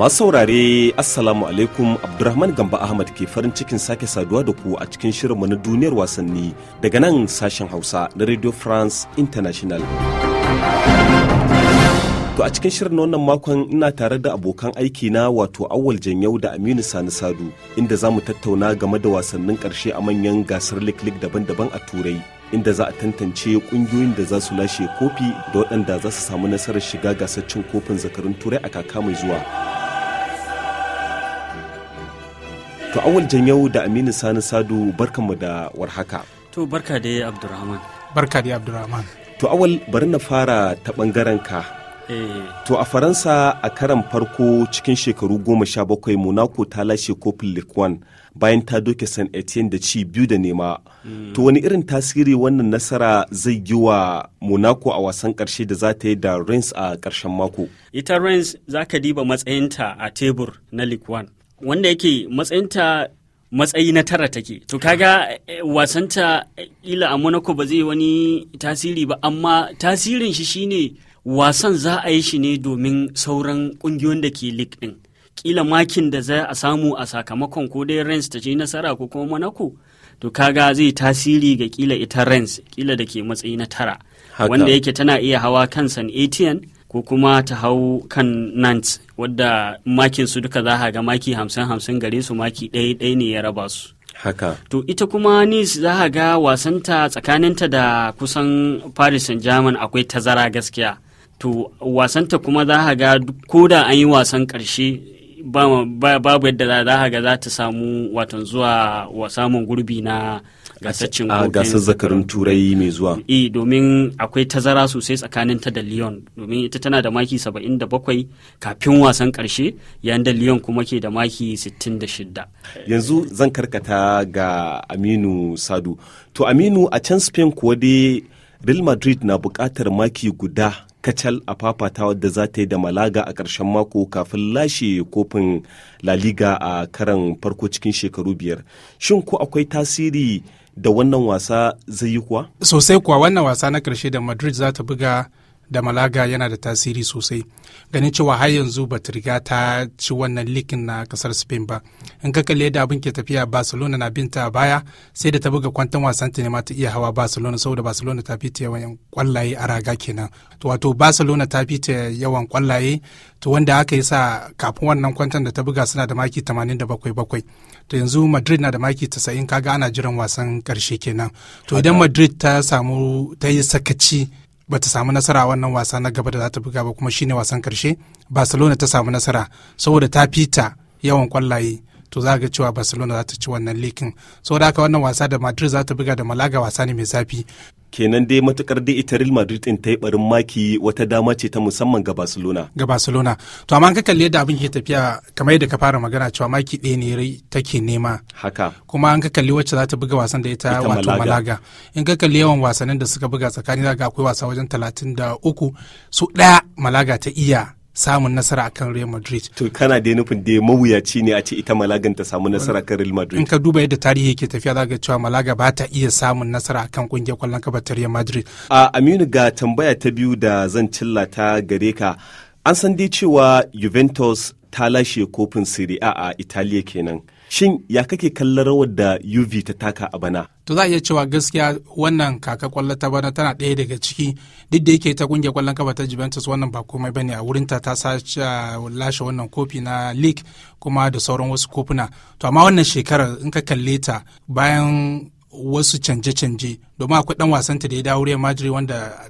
Masu saurare Assalamu alaikum Abdurrahman Gamba Ahmad ke farin cikin sake saduwa da ku a cikin shirinmu na duniyar wasanni daga nan sashen Hausa na Radio France International. To a cikin shirin wannan makon ina tare da abokan aiki na wato Awwal Janyau da Aminu Sani Sadu inda za mu tattauna game da wasannin karshe a manyan gasar liklik daban-daban a Turai. inda za a tantance kungiyoyin da za su lashe kofi da waɗanda za su samu nasarar shiga gasar cin kofin zakarun turai a kaka mai zuwa To awal jam'yau da Aminu Sani Sadu barkanmu da warhaka. To barka dai Abdurrahman. Barka Abdurrahman. To awal bari na fara ta bangaren ka. Eh. To a Faransa a karan farko cikin shekaru goma sha bakwai Monaco ta lashe kofin Ligue 1 bayan ta doke San Etienne da ci biyu da nema. Mm. To wani irin tasiri wannan nasara zai yi wa Monaco a wasan karshe da za ta yi da Reims a karshen mako. Ita Reims za ka diba matsayinta a tebur na Ligue 1. wanda yake matsayinta matsayi na tara take to kaga eh, wasanta eh, kila a monaco ba zai wani tasiri ba amma tasirin shi shine wasan za a yi shi ne domin sauran kungiyoyin da ke league din kila makin da za a samu a sakamakon ko dai rens ta je nasara ko kuma monaco to kaga zai tasiri ga kila ita rens kila da ke matsayi na tara wanda yake tana iya hawa kan san ko kuma ta hau kan nant wadda makin su duka za ga maki hamsin hamsin gare su maki ɗaya ɗaya ne ya raba su haka to ita kuma ni za a ga wasanta tsakaninta da kusan paris saint germain akwai tazara gaskiya to wasanta kuma za a ga ko da an yi wasan karshe babu yadda za a ga za ta samu watan zuwa wa samun gurbi na gasaccin a ah, gasar zakarun turai mai zuwa e domin akwai tazara sosai tsakanin ta da Lyon domin ita tana da maki 77 kafin wasan karshe yayin da Lyon kuma ke da maki 66 yanzu zan karkata ga Aminu Sadu to Aminu a can Spain kuwa dai Real Madrid na bukatar maki guda kacal a fafatawa da za ta yi da malaga a ƙarshen mako kafin lashe kofin la liga a karan farko cikin shekaru biyar shin ko akwai tasiri da wannan wasa zai yi kuwa? Sosai kuwa wannan wasa na ƙarshe da Madrid za ta buga da malaga yana da tasiri sosai ganin cewa har yanzu ba ta riga ta ci wannan likin na kasar spain ba in ka kalli da abin ke tafiya barcelona na binta a baya sai da ta buga kwantan wasan ta ne ma ta iya hawa barcelona saboda barcelona ta fita yawan kwallaye a raga kenan to wato barcelona ta fita yawan kwallaye to wanda aka yi sa kafin wannan kwantan da ta buga suna da maki 87 to yanzu madrid na da maki 90 kaga ana jiran wasan karshe kenan to idan madrid ta samu ta yi sakaci ba ta samu nasara wannan wasa na gaba da za ta buga ba kuma shine wasan karshe barcelona ta samu nasara saboda ta fita yawan kwallaye to za ga cewa barcelona za ta ci wannan likin saboda haka wannan wasa da madrid za ta buga da malaga wasa ne mai zafi kenan dai matukar dai ita Real Madrid din ta yi barin maki wata dama ce ta musamman ga Barcelona ga Barcelona to amma ka kalli yadda abin ke tafiya kamar yadda ka fara magana cewa maki ɗaya ne take nema haka kuma an ka kalli wacce za ta buga wasan da ita wato Malaga in ka kalli yawan wasannin da suka buga tsakanin da akwai wasa wajen talatin da uku su ɗaya Malaga ta iya samun nasara akan Real Madrid. To kana da nufin da mawuyaci ne a ce ita Malagan ta samu nasara kan Real Madrid. In ka duba yadda tarihi ke tafiya za ga cewa Malaga ba ta iya samun nasara akan kungiyar kwallon kafa ta Real Madrid. A Aminu ga tambaya ta biyu da zan cillata gare ka. An san dai cewa Juventus ta lashe kofin Serie A a Italiya kenan. Shin ya kake kallon rawar da UV ta taka a bana? To za a iya cewa gaskiya wannan kaka kwallo ta bana tana ɗaya daga ciki duk da yake ta kungiyar kwallon kafa ta Juventus wannan ba komai bane a wurinta ta sace lashe wannan kofi na league kuma da sauran wasu kofuna. To amma wannan shekarar in ka kalle ta bayan wasu canje-canje domin akwai dan wasanta da ya dawo Real Madrid wanda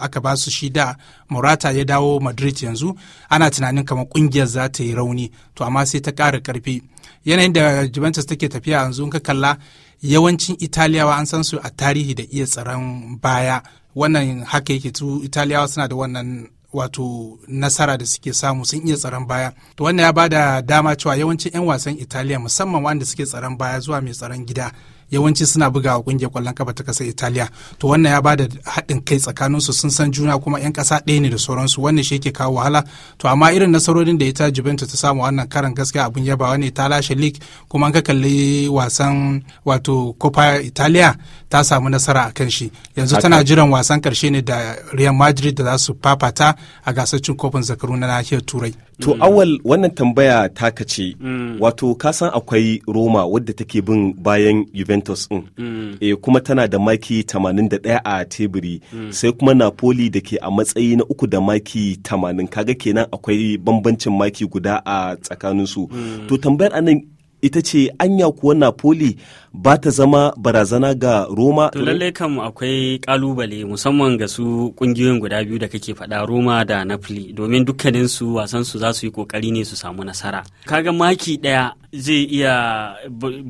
aka, ba su shi da Morata ya dawo Madrid yanzu ana tunanin kamar kungiyar za ta yi rauni to amma sai ta kara karfi yanayin da Juventus take tafiya yanzu ka kalla yawancin Italiyawa an san su a tarihi da iya tsaron baya wannan haka yake tu Italiyawa suna da wannan wato nasara da suke samu sun iya tsaron baya to wannan ya bada dama cewa yawancin 'yan wasan italiya musamman wanda suke tsaron baya zuwa mai tsaron gida yawanci suna buga a kungiyar kwallon kafa ta kasar Italiya to wannan ya ba da haɗin kai tsakanin su sun san juna kuma yan ƙasa ɗaya ne da sauransu wannan shi yake kawo wahala to amma irin nasarorin da ita Juventus ta samu wannan karan gaskiya abun yabawa ne ta lashe league kuma an ka kalli wasan wato Copa Italia ta samu nasara a kan shi yanzu tana jiran wasan karshe ne da Real Madrid da za su fafata a gasar cin kofin zakaru na nahiyar Turai to awal wannan tambaya ta kace mm. wato kasan akwai Roma wadda take bin bayan Juventus Juventus ɗin. eh kuma tana da maki 81 a teburi sai kuma Napoli da ke a matsayi na uku da maki 80 kaga kenan akwai bambancin maki guda a tsakaninsu. To tambayar anan ita ce anya kuwa napoli ba ta zama barazana ga roma to lallai kam akwai kalubale musamman ga su kungiyoyin guda biyu da kake faɗa roma da napoli domin dukkaninsu su wasan su za su yi kokari ne su samu nasara kaga maki ɗaya zai iya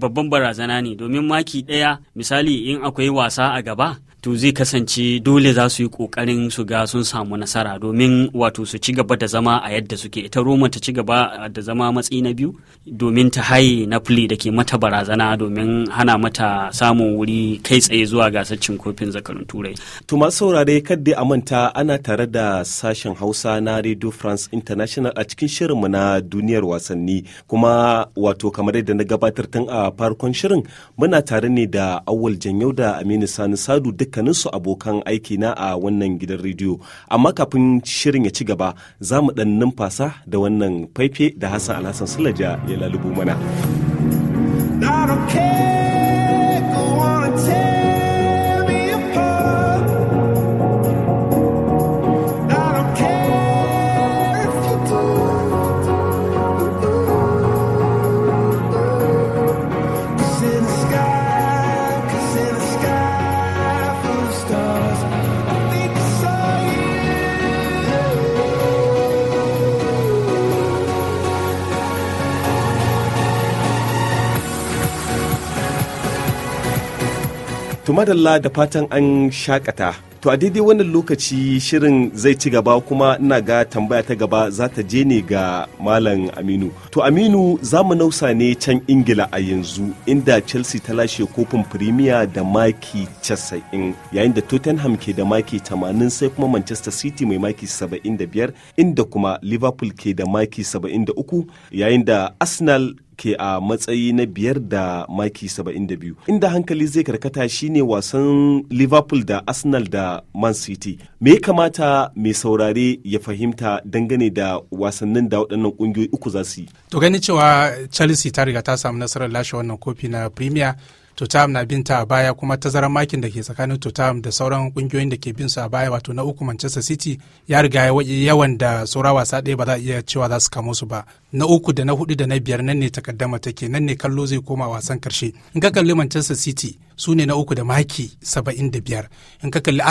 babban barazana ne domin maki ɗaya misali in akwai wasa a gaba to zai kasance dole za su yi kokarin su ga sun samu nasara domin wato su ci gaba da zama a yadda suke ita roma ta ci gaba da zama matsi na biyu domin ta haye napoli da ke mata barazana domin hana mata samun wuri kai tsaye zuwa gasar cin kofin zakarun turai to masu saurare kadai a manta ana tare da sashen hausa na radio france international a cikin shirin mu na duniyar wasanni kuma wato kamar yadda na gabatar tun a farkon shirin muna tare ne da awal janyau da aminu sani sadu duk dukkaninsu abokan aiki na a wannan gidan rediyo amma kafin shirin ya ci gaba za mu ɗan numfasa da wannan faife da hassan alhassan sulaja ya lalubu mana I To madalla da fatan an shakata. To a daidai wannan lokaci shirin zai ci gaba kuma ina ga tambaya ta gaba za ta je ne ga Malam Aminu. To Aminu za mu nausa ne can Ingila a yanzu inda Chelsea ta lashe kofin Premier da maki 90 yayin da Tottenham ke da maki 80 sai kuma Manchester City mai maki 75 inda kuma Liverpool ke da maki 73 yayin da Arsenal ke a matsayi na biyar da maki biyu inda hankali zai karkata shine wasan liverpool da arsenal da man city me kamata mai saurare ya fahimta dangane da wasannin da waɗannan ƙungiyoyi uku za su yi to gani cewa chelsea ta riga ta samu nasarar lashe wannan kofi na premier totam na binta a baya kuma tazarar makin da ke tsakanin totam da sauran kungiyoyin da ke bin su a baya wato na uku manchester city ya riga ya yawan da saura wasa ɗaya ba za a iya cewa za su kamo su ba na uku da na hudu da na biyar nan ne takaddama take nan ne kallo zai koma wasan karshe in ka kalli manchester city su ne na uku da maki 75 in ka kalli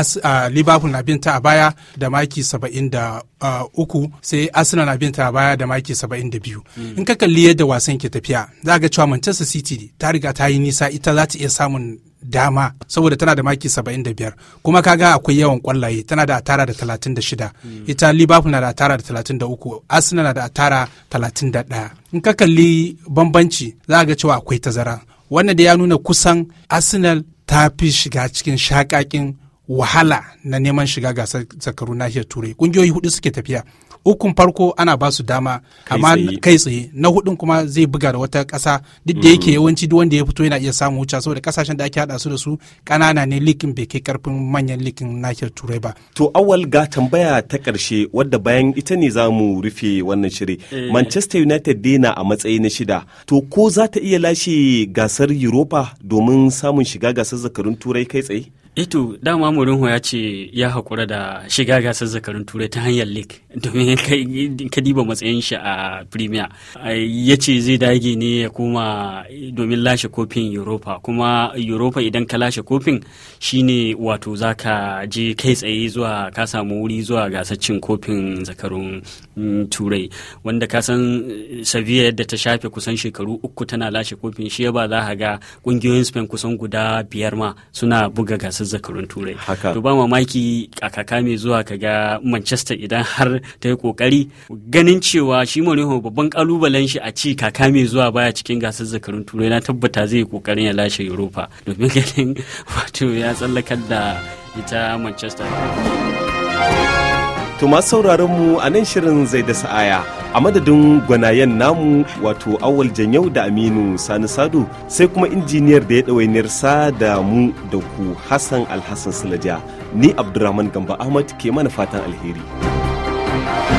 liverpool na binta a baya da maki 73 sai arsenal na binta a baya da maki 72 in ka kalli yadda wasan ke tafiya za ga cewa manchester city ta riga ta yi nisa ita za ta iya samun dama saboda tana da maki 75 kuma kaga akwai yawan kwallaye tana da atara da 36 ita liverpool na da atara da 33 arsenal na da atara 31 in ka kalli bambanci za ga cewa akwai tazara wannan da ya nuna kusan arsenal ta fi shiga cikin shakakin wahala na neman shiga gasar zakaru nahiyar turai kungiyoyi hudu suke tafiya ukun farko ana ba su dama amma kai tsaye na hudun kuma zai buga da wata kasa duk da yake mm. yawanci duk wanda ya fito yana iya samu wuce saboda kasashen da ake hada su da su kanana ne likin bai kai karfin manyan likin nahiyar turai ba to awal ga tambaya ta karshe wadda bayan ita ne za mu rufe wannan shiri eh. manchester united na a matsayi na shida to ko za ta iya lashe gasar europa domin samun shiga gasar zakarun turai kai tsaye Ito eh dama Mourinho ya ce ya haƙura da shiga gasar zakarun turai ta hanyar league domin ka diba matsayin shi a premier ya ce zai dage ne ya koma domin lashe kofin europa kuma europa idan ka lashe kofin shine wato za ka je kai tsaye zuwa ka samu wuri zuwa gasar cin kofin zakarun turai wanda ka san eh, sevilla yadda ta shafe kusan shekaru uku tana lashe kofin shi ya ba za ga kungiyoyin spain kusan guda biyar ma suna buga gasar zakarun turai to ba mamaki a kaka mai zuwa ka ga manchester idan har ta yi kokari ganin cewa shi mourinho babban kalubalen shi a ci kaka mai zuwa baya cikin gasar zakarun turai na tabbata zai yi kokarin ya lashe europa domin ganin wato ya tsallakar da ita manchester To masu sauraron mu a nan shirin zai da sa'aya a madadin gwanayen namu wato awal janyau da aminu sani sadu sai kuma injiniyar da ya ɗawainiyar sa da mu da ku hassan alhassan silaja ni abdulrahman gamba ahmad ke mana fatan alheri.